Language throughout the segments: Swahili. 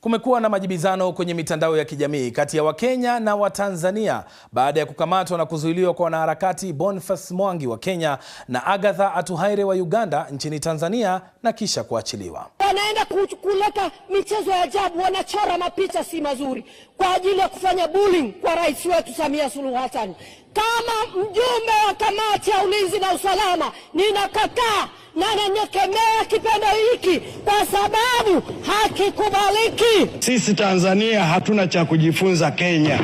Kumekuwa na majibizano kwenye mitandao ya kijamii kati ya Wakenya na Watanzania baada ya kukamatwa na kuzuiliwa kwa wanaharakati Boniface Mwangi wa Kenya na Agatha Atuhaire wa Uganda nchini Tanzania na kisha kuachiliwa. Wanaenda kuleta michezo ya ajabu, wanachora mapicha si mazuri kwa ajili ya kufanya bullying kwa rais wetu Samia Suluhu Hassan. Kama mjumbe wa kamati ya ulinzi na usalama, ninakataa na nanyekemea kipendo hiki kwa sababu hakikubaliki. Sisi Tanzania hatuna cha kujifunza Kenya,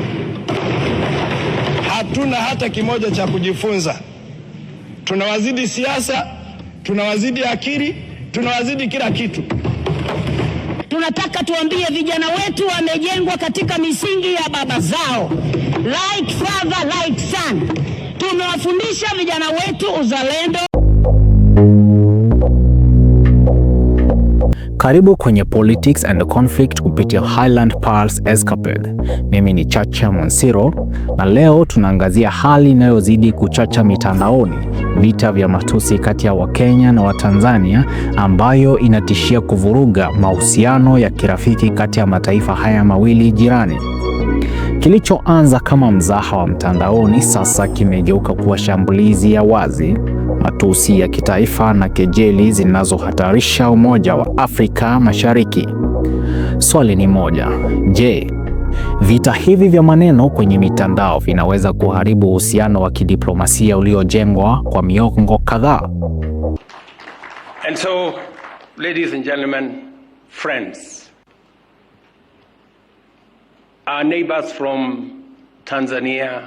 hatuna hata kimoja cha kujifunza. Tunawazidi siasa, tunawazidi akili tunawazidi kila kitu. Tunataka tuambie vijana wetu wamejengwa katika misingi ya baba zao, like father like son. Tumewafundisha vijana wetu uzalendo. Karibu kwenye Politics and Conflict kupitia Highland Pulse Escapade. Mimi ni Chacha monsiro na leo tunaangazia hali inayozidi kuchacha mitandaoni vita vya matusi kati ya Wakenya na Watanzania ambayo inatishia kuvuruga mahusiano ya kirafiki kati ya mataifa haya mawili jirani. Kilichoanza kama mzaha wa mtandaoni sasa kimegeuka kuwa shambulizi ya wazi, matusi ya kitaifa na kejeli zinazohatarisha umoja wa Afrika Mashariki. Swali ni moja, je, Vita hivi vya maneno kwenye mitandao vinaweza kuharibu uhusiano wa kidiplomasia uliojengwa kwa miongo kadhaa. And so, ladies and gentlemen, friends, our neighbors from Tanzania,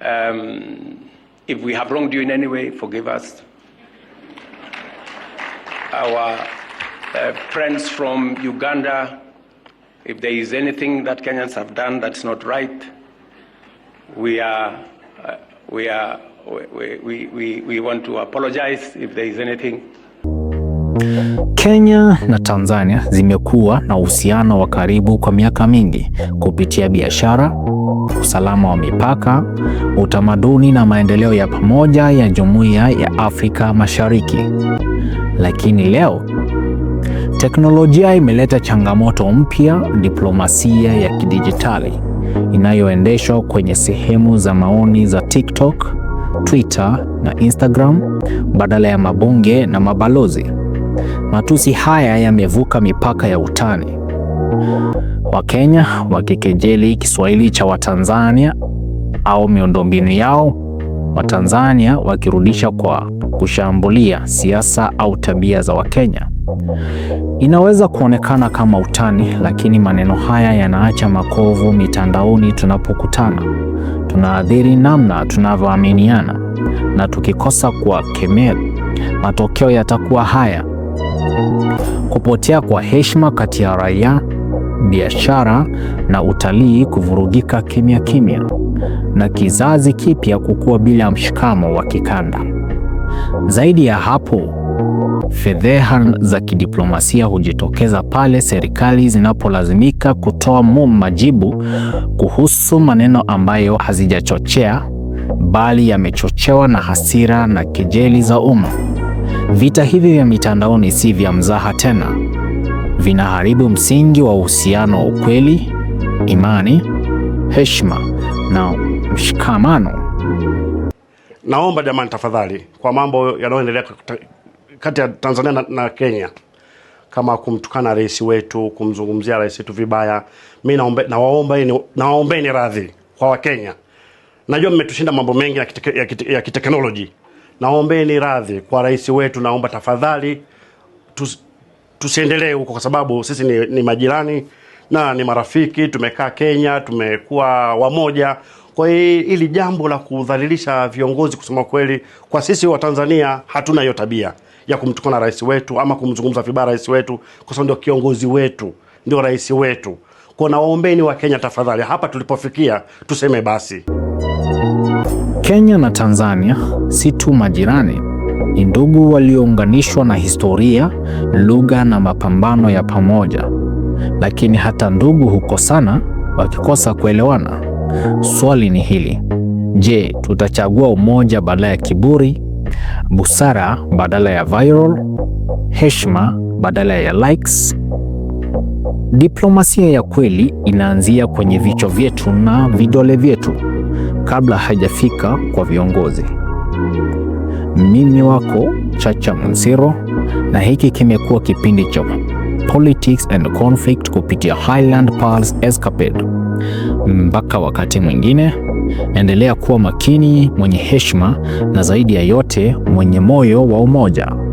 um, if we have wronged you in any way, forgive us. Our uh, friends from Uganda, If there is anything that Kenyans have done that's not right, we are, uh, we are, we, we, we, we want to apologize if there is anything. Kenya na Tanzania zimekuwa na uhusiano wa karibu kwa miaka mingi kupitia biashara, usalama wa mipaka, utamaduni na maendeleo ya pamoja ya Jumuiya ya Afrika Mashariki. Lakini leo Teknolojia imeleta changamoto mpya, diplomasia ya kidijitali inayoendeshwa kwenye sehemu za maoni za TikTok, Twitter na Instagram badala ya mabunge na mabalozi. Matusi haya yamevuka mipaka ya utani. Wakenya wakikejeli Kiswahili cha Watanzania au miundombinu yao, Watanzania wakirudisha kwa kushambulia siasa au tabia za Wakenya. Inaweza kuonekana kama utani, lakini maneno haya yanaacha makovu mitandaoni. Tunapokutana tunaathiri namna tunavyoaminiana, na tukikosa kuwakemea, matokeo yatakuwa haya: kupotea kwa heshima kati ya raia, biashara na utalii kuvurugika kimya kimya, na kizazi kipya kukua bila mshikamo wa kikanda. Zaidi ya hapo Fedheha za kidiplomasia hujitokeza pale serikali zinapolazimika kutoa majibu kuhusu maneno ambayo hazijachochea bali yamechochewa na hasira na kejeli za umma. Vita hivi vya mitandaoni si vya mzaha tena, vinaharibu msingi wa uhusiano wa ukweli, imani, heshima na mshikamano. Naomba jamani, tafadhali, kwa mambo yanayoendelea kati ya Tanzania na, na Kenya kama kumtukana rais wetu, kumzungumzia rais wetu vibaya. Mi nawaombeni na radhi kwa Wakenya. Najua mmetushinda mambo mengi ya kiteknoloji, naombeni radhi kwa rais wetu. Naomba tafadhali tus, tusiendelee huko, kwa sababu sisi ni, ni majirani na ni marafiki. Tumekaa Kenya, tumekuwa wamoja. Kwa hili jambo la kudhalilisha viongozi, kusema kweli, kwa sisi wa Tanzania hatuna hiyo tabia ya kumtukana rais wetu ama kumzungumza vibaya rais wetu, kwa sababu ndio kiongozi wetu, ndio rais wetu. Kwa na waombeni wa Kenya tafadhali, hapa tulipofikia tuseme basi. Kenya na Tanzania si tu majirani, ni ndugu waliounganishwa na historia, lugha na mapambano ya pamoja. Lakini hata ndugu huko sana wakikosa kuelewana. Swali ni hili: je, tutachagua umoja baada ya kiburi? busara badala ya viral, heshima badala ya likes. Diplomasia ya kweli inaanzia kwenye vichwa vyetu na vidole vyetu kabla haijafika kwa viongozi. Mimi wako Chacha Msiro, na hiki kimekuwa kipindi cha Politics and Conflict kupitia Highland Pulse Escapade. Mpaka wakati mwingine. Endelea kuwa makini, mwenye heshima na zaidi ya yote mwenye moyo wa umoja.